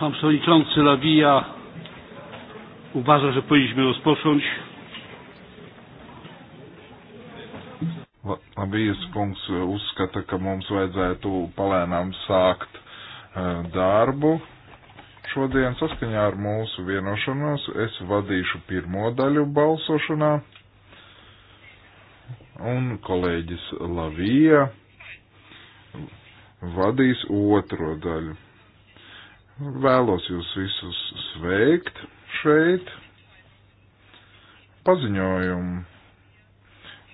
Pan przewodniczący Lawija uważa, że powinniśmy rozpocząć. Labijas kungs eh, uzskata, ka mums vajadzētu palēnām sākt eh, darbu. Šodien saskaņā ar mūsu vienošanos es vadīšu pirmo daļu balsošanā un kolēģis Lavija vadīs otro daļu. Vēlos jūs visus sveikt šeit. Paziņojumu.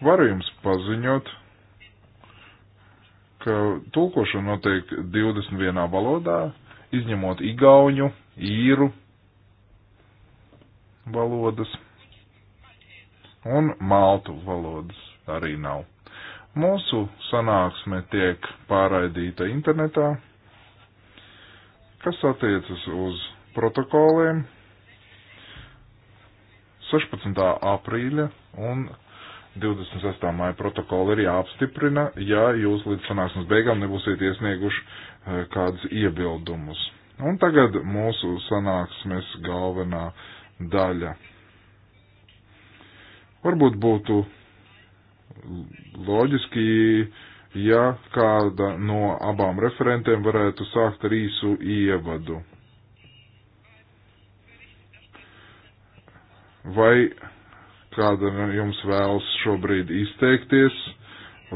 Varu jums paziņot, ka tulkošana notiek 21 valodā, izņemot igauņu, īru valodas un maltu valodas arī nav. Mūsu sanāksme tiek pārraidīta internetā Kas attiecas uz protokoliem 16. aprīļa un 26. māja protokoli ir jāapstiprina, ja jūs līdz sanāksmes beigām nebūsiet iesnieguši eh, kādus iebildumus. Un tagad mūsu sanāksmes galvenā daļa. Varbūt būtu loģiski ja kāda no abām referentēm varētu sākt ar īsu ievadu. Vai kāda no jums vēlas šobrīd izteikties,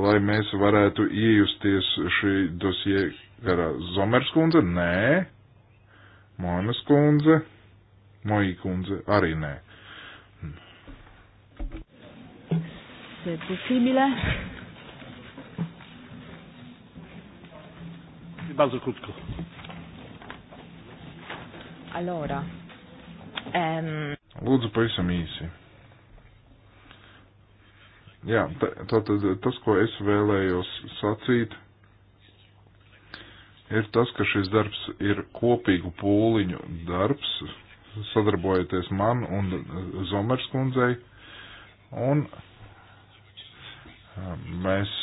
lai mēs varētu iejusties šī dosie garā? Zomers kundze? Nē. Monas kundze? Moji kundze? Arī nē. C'est possible. bardzo krótko. Allora, um... Lūdzu, pavisam īsi. Jā, tātad tas, ko es vēlējos sacīt, ir tas, ka šis darbs ir kopīgu pūliņu darbs, sadarbojoties man un Zomers kundzei, un ehm, mēs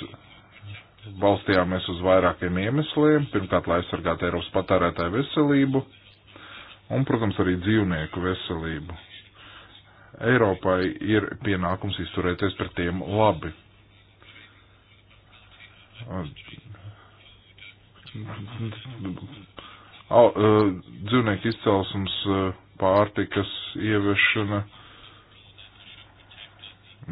balstījāmies uz vairākiem iemesliem. Pirmkārt, lai aizsargātu Eiropas patērētāju veselību un, protams, arī dzīvnieku veselību. Eiropai ir pienākums izturēties pret tiem labi. Eh, dzīvnieku izcelsums eh, pārtikas ieviešana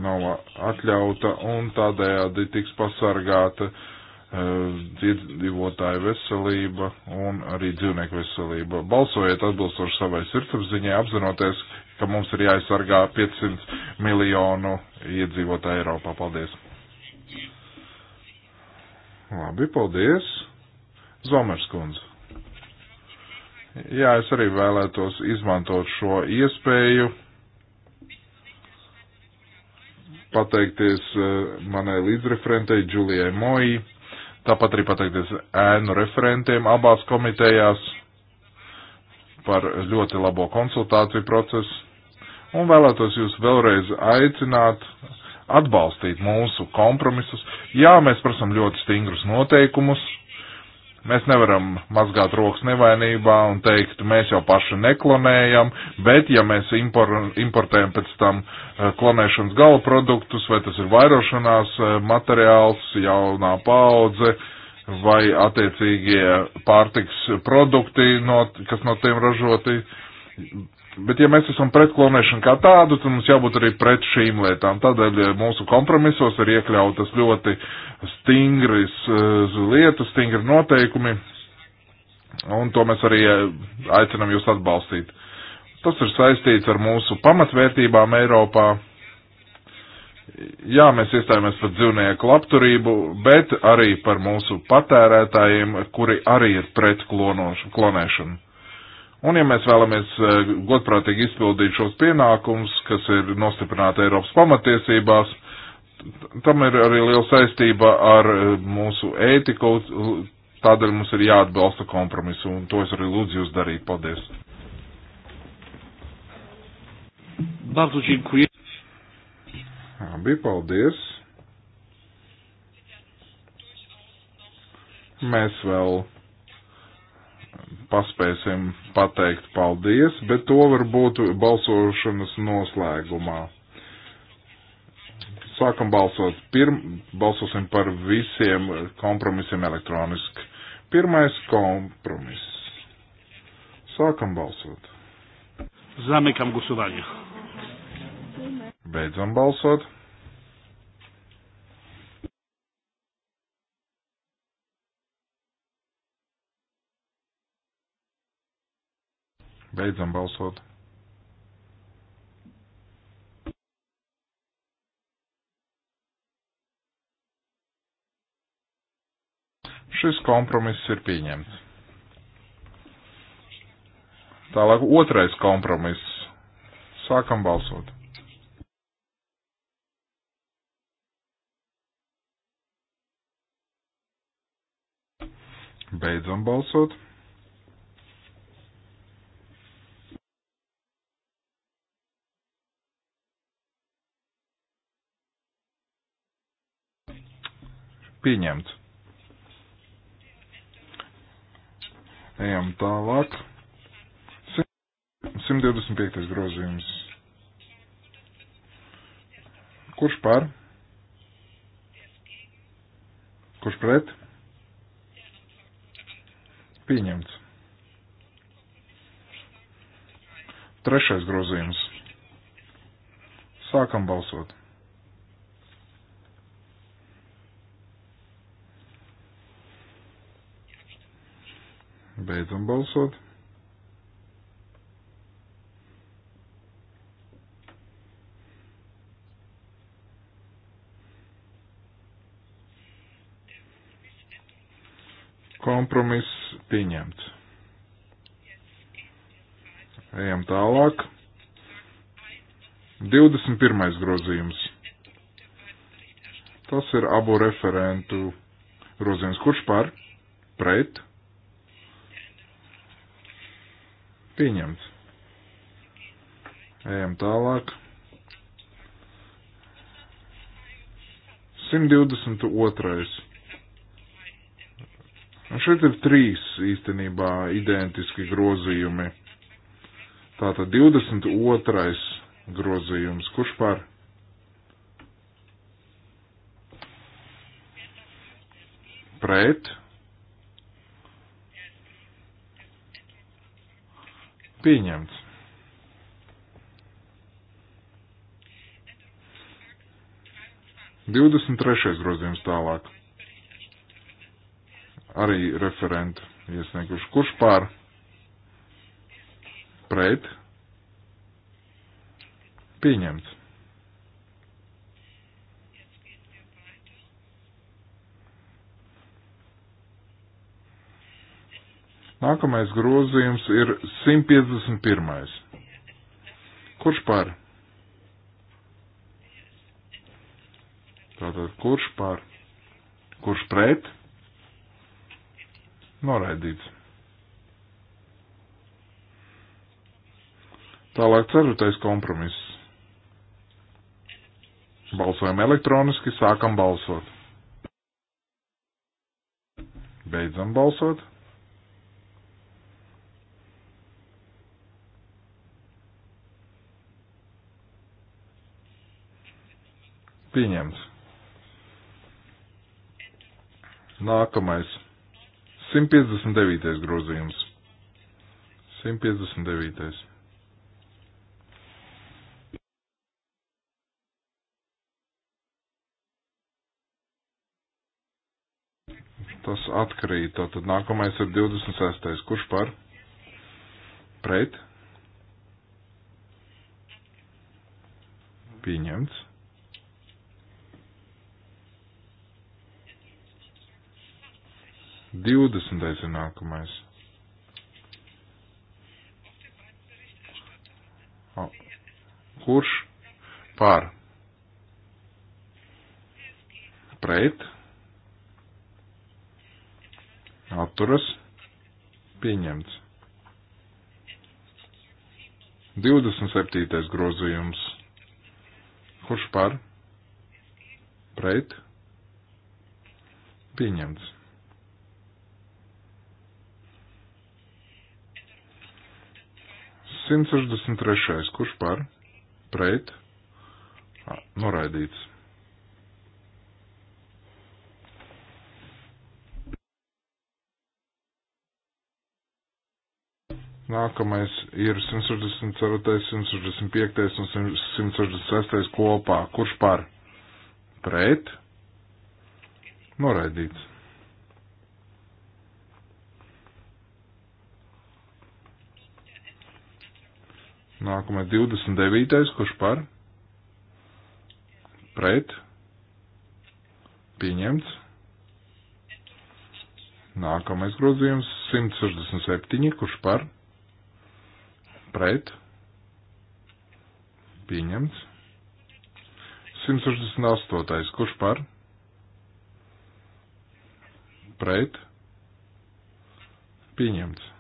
nav atļauta un tādējādi tiks pasargāta eh, iedzīvotāju veselība un arī dzīvnieku veselība. Balsojiet atbilstoši savai sirdsapziņai, apzinoties, ka mums ir jāaizsargā 500 miljonu iedzīvotāju Eiropā. Paldies! Labi, paldies! Zomers kundze. Jā, es arī vēlētos izmantot šo iespēju pateikties eh, manai līdzreferentei Džulijai Moji, tāpat arī pateikties ēnu referentiem abās komitejās par ļoti labo konsultāciju procesu un vēlētos jūs vēlreiz aicināt atbalstīt mūsu kompromisus. Jā, mēs prasam ļoti stingrus noteikumus, Mēs nevaram mazgāt rokas nevainībā un teikt, mēs jau paši neklonējam, bet ja mēs impor, importējam pēc tam eh, klonēšanas gala produktus, vai tas ir vairošanās eh, materiāls, jaunā paudze, vai attiecīgie pārtiks produkti, no, kas no tiem ražoti, Bet ja mēs esam pret klonēšanu kā tādu, tad mums jābūt arī pret šīm lietām. Tādēļ mūsu kompromisos ir iekļautas ļoti stingras lietas, stingri noteikumi, un to mēs arī eh, aicinam jūs atbalstīt. Tas ir saistīts ar mūsu pamatvērtībām Eiropā. Jā, mēs iestājāmies par dzīvnieku labturību, bet arī par mūsu patērētājiem, kuri arī ir pret klonošu, klonēšanu. Un ja mēs vēlamies eh, godprātīgi izpildīt šos pienākumus, kas ir nostiprināti Eiropas pamatiesībās, tam ir arī liela saistība ar eh, mūsu ētiku, tādēļ mums ir jāatbalsta kompromisu, un to es arī lūdzu jūs darīt. Paldies! Bardzo dziękuję. Abi, paldies. Mēs vēl paspēsim pateikt paldies, bet to varbūt balsošanas noslēgumā. Sākam balsot. Pirm, balsosim par visiem kompromisiem elektroniski. Pirmais kompromis. Sākam balsot. Zamykam głosowanie. Beidzam balsot. Beidzam balsot. Šis kompromiss ir pieņemts. Tālāk otrais kompromiss. Sākam balsot. Beidzam balsot. Pieņemts. Ejam tālāk. 125. grozījums. Kurš par? Kurš pret? Pieņemts. Trešais grozījums. Sākam balsot. Beidzam balsot. Kompromiss pieņemts. Ejam tālāk. 21. grozījums. Tas ir abu referentu grozījums. Kurš par? Pret? Pieņemts. Ejam tālāk. 122. Un šeit ir trīs īstenībā identiski grozījumi. Tātad 22. grozījums. Kurš par? Pret. Pieņemts. Divdesmit trešais grozījums tālāk. Arī referentu iesnieguši. Kurš pār? Pret? Pieņemts. Nākamais grozījums ir 151. Kurš par? Tātad kurš par? Kurš pret? Noraidīts. Tālāk ceturtais kompromiss. Balsojam elektroniski, sākam balsot. Beidzam balsot. Pieņemts. Nākamais. 159. grozījums. 159. Tas atkarīja. Tātad nākamais ir 26. Kurš par? Pret? Pieņemts. 20. ir nākamais. Kurš pār? Pret? Atturas? Pieņemts. 27. grozījums. Kurš par? Pret? Pieņemts. 163. Kurš par? Pret. Noraidīts. Nākamais ir 164, 165 un 166 kopā. Kurš par? Pret. Noraidīts. Nākamais 29. kurš par? Pret. Pieņemts. Nākamais grozījums 167. kurš par? Pret. Pieņemts. 168. kurš par? Pret. Pieņemts.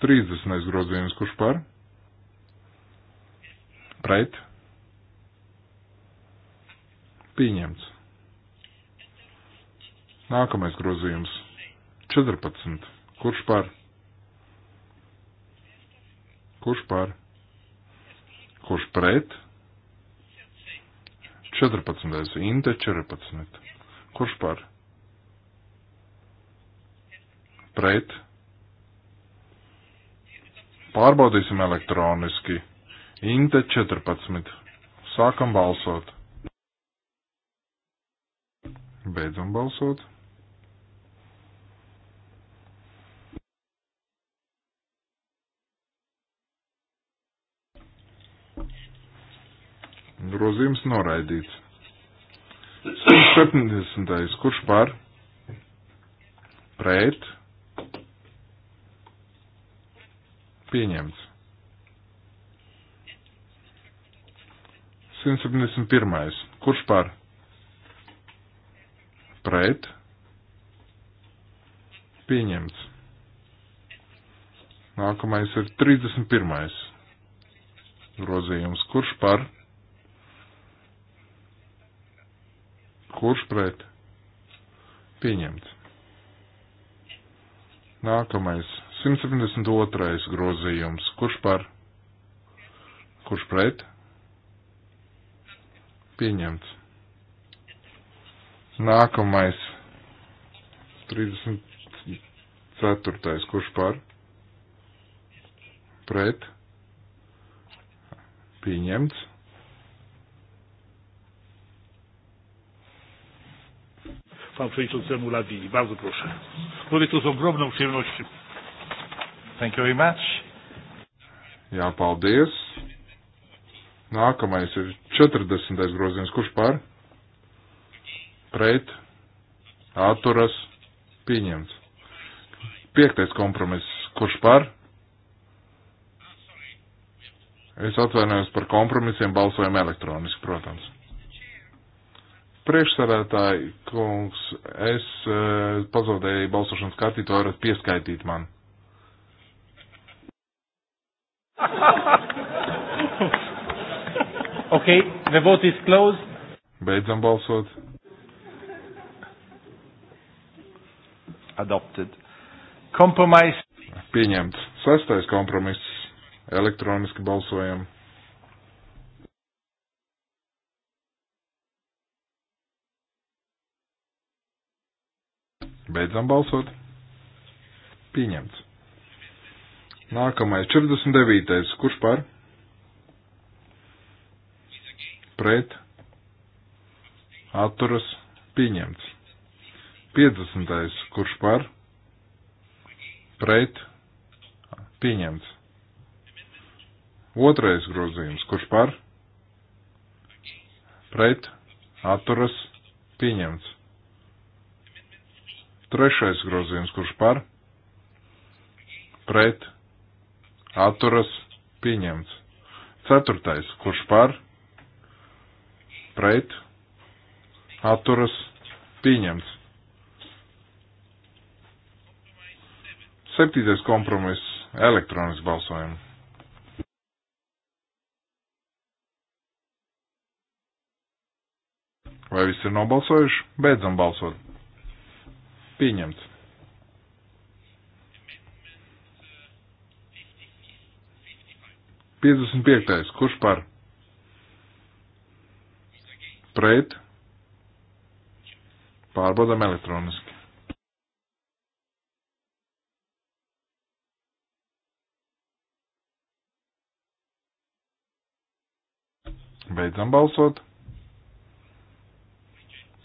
30. grozījums, kurš par? Pret? Pieņemts. Nākamais grozījums. 14. Kurš par? Kurš par? Kurš pret? 14. Inte 14. Kurš par? Pret? Pārbaudīsim elektroniski. Inte 14. Sākam balsot. Beidzam balsot. Grozījums noraidīts. 170. Kurš par? Pret? Pieņemts. 171. Kurš par? Pret. Pieņemts. Nākamais ir 31. grozījums. Kurš par? Kurš pret? Pieņemts. Nākamais 172. grozījums. Kurš par? Kurš pret? Pieņemts. Nākamais. 34. Kurš par? Pret? Pieņemts. Pan przewodniczącemu Ladini. Bardzo proszę. Mówię to z ogromną przyjemnością. Thank you very much. Jā, paldies. Nākamais ir 40. grozījums. Kurš par? Pret. Atturas. Pieņemts. Piektais kompromiss. Kurš par? Es atvainojos par kompromisiem, balsojam elektroniski, protams. Priekšsarētāji, kungs, es e, pazaudēju balsošanas kartīti, varat pieskaitīt man. Okay, the vote is closed. Beidzam balsot. Adopted. Compromise. Pieņemts. Sastais kompromiss. Elektroniski balsojam. Beidzam balsot. Pieņemts. Nākamais 49. Kurš par? pret, atturas, pieņemts. 50. kurš par, pret, pieņemts. Otrais grozījums, kurš par, pret, atturas, pieņemts. Trešais grozījums, kurš par, pret, atturas, pieņemts. Ceturtais, kurš par, pret, pret, atturas, pieņemts. Septītais kompromiss - elektronisks balsojums. Vai viss ir nobalsojuši? Beidzam balsot. Pieņemts. 55. Kurš par? pret, pārbaudām elektroniski. Beidzam balsot.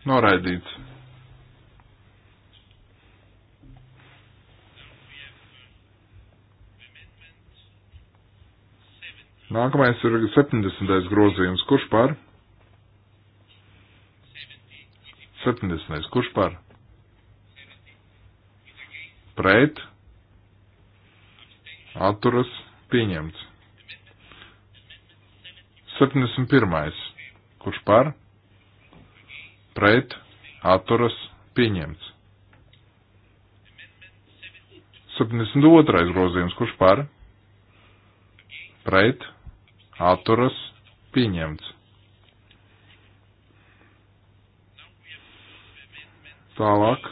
Noraidīts. Nākamais ir 70. grozījums. Kurš par? 70. Kurš par? Pret. Atturas pieņemts. 71. Kurš par? Pret. Atturas pieņemts. 72. grozījums. Kurš par? Pret. Atturas pieņemts. Tālāk.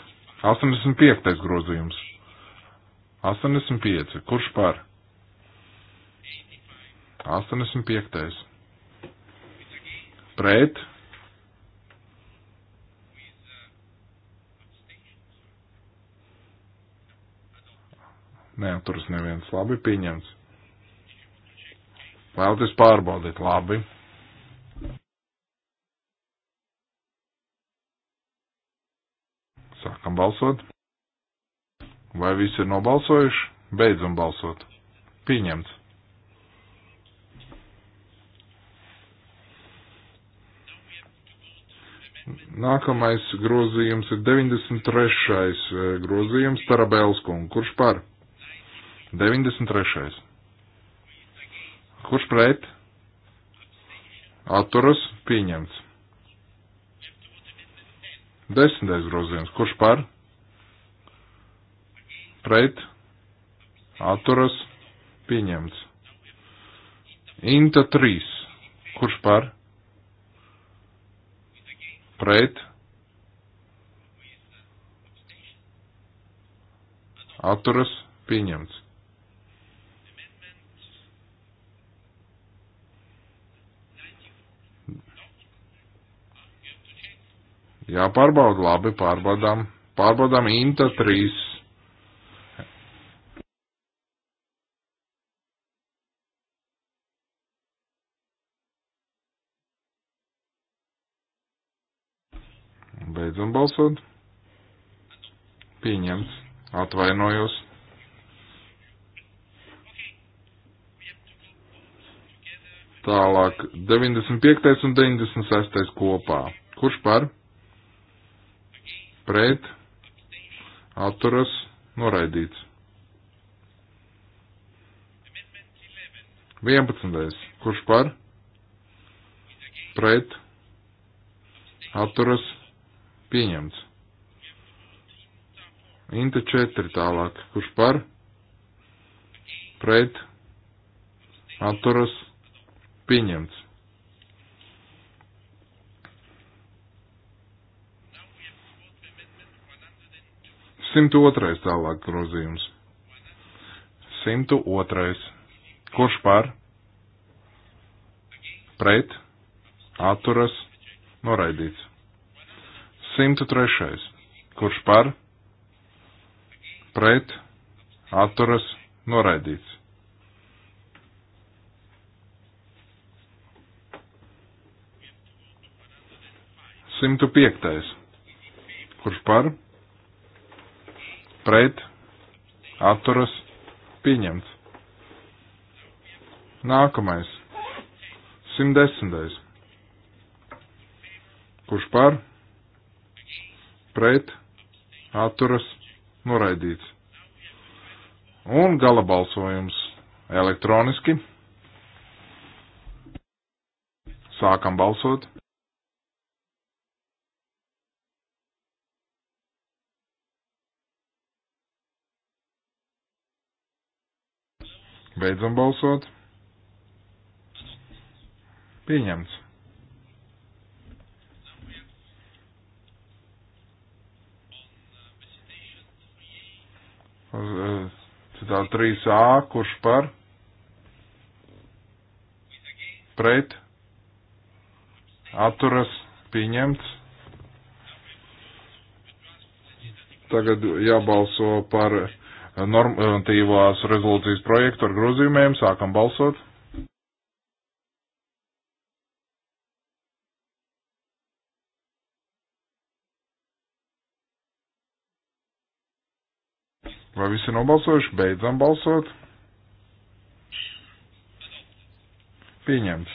85. grozījums. 85. Kurš par? 85. Pret. Nē, tur es neviens labi pieņemts. Vēlties pārbaudīt labi. Sākam balsot. Vai visi ir nobalsojuši? Beidzam balsot. Pieņemts. Nākamais grozījums ir 93. Eh, grozījums Tarabelskungu. Kurš par? 93. Kurš pret? Atturas pieņemts. Desmitais grozījums. Kurš par? Pret. Atturas. Pieņemts. Inta 3. Kurš par? Pret. Atturas. Pieņemts. Jāpārbauda labi, pārbaudām. Pārbaudām Inta 3. Beidzam balsot. Pieņemts. Atvainojos. Tālāk 95. un 96. kopā. Kurš par? pret, atturas, noraidīts. 11. Kurš par? Pret, atturas, pieņemts. Inta 4 tālāk. Kurš par? Pret, atturas, pieņemts. 102. tālāk grozījums. 102. Kurš par? Pret? Atturas? Noraidīts. 103. Kurš par? Pret? Atturas? Noraidīts. Simtu piektais. Kurš par? pret, atturas, pieņemts. Nākamais. 110. Kurš par, pret, atturas, noraidīts. Un gala balsojums elektroniski. Sākam balsot. Beidzam balsot. Pieņemts. Eh, Tā 3A, kurš par? Pret? Atturas? Pieņemts? Tagad jābalso par normatīvās rezolūcijas projektu ar grozījumiem. Sākam balsot. Vai visi nobalsojuši? Beidzam balsot. Pieņemts.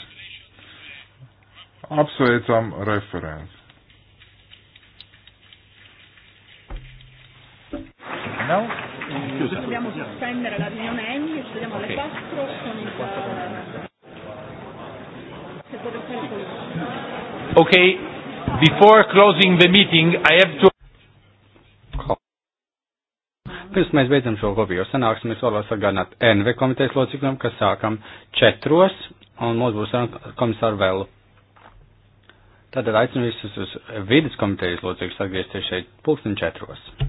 Apsveicam referents. Nav. No. Scusa. Dobbiamo sospendere la riunione Enni e ci vediamo alle okay. 4 con il... 4 eh, Ok, before closing the meeting I have to... Pirms mēs beidzam šo kopīgo sanāksmi, es vēlos atgādināt NV komitejas locekļiem, ka sākam četros un mums būs komisāra vēl. Tātad aicinu visus uz vidas komitejas locekļus atgriezties šeit pulksten četros.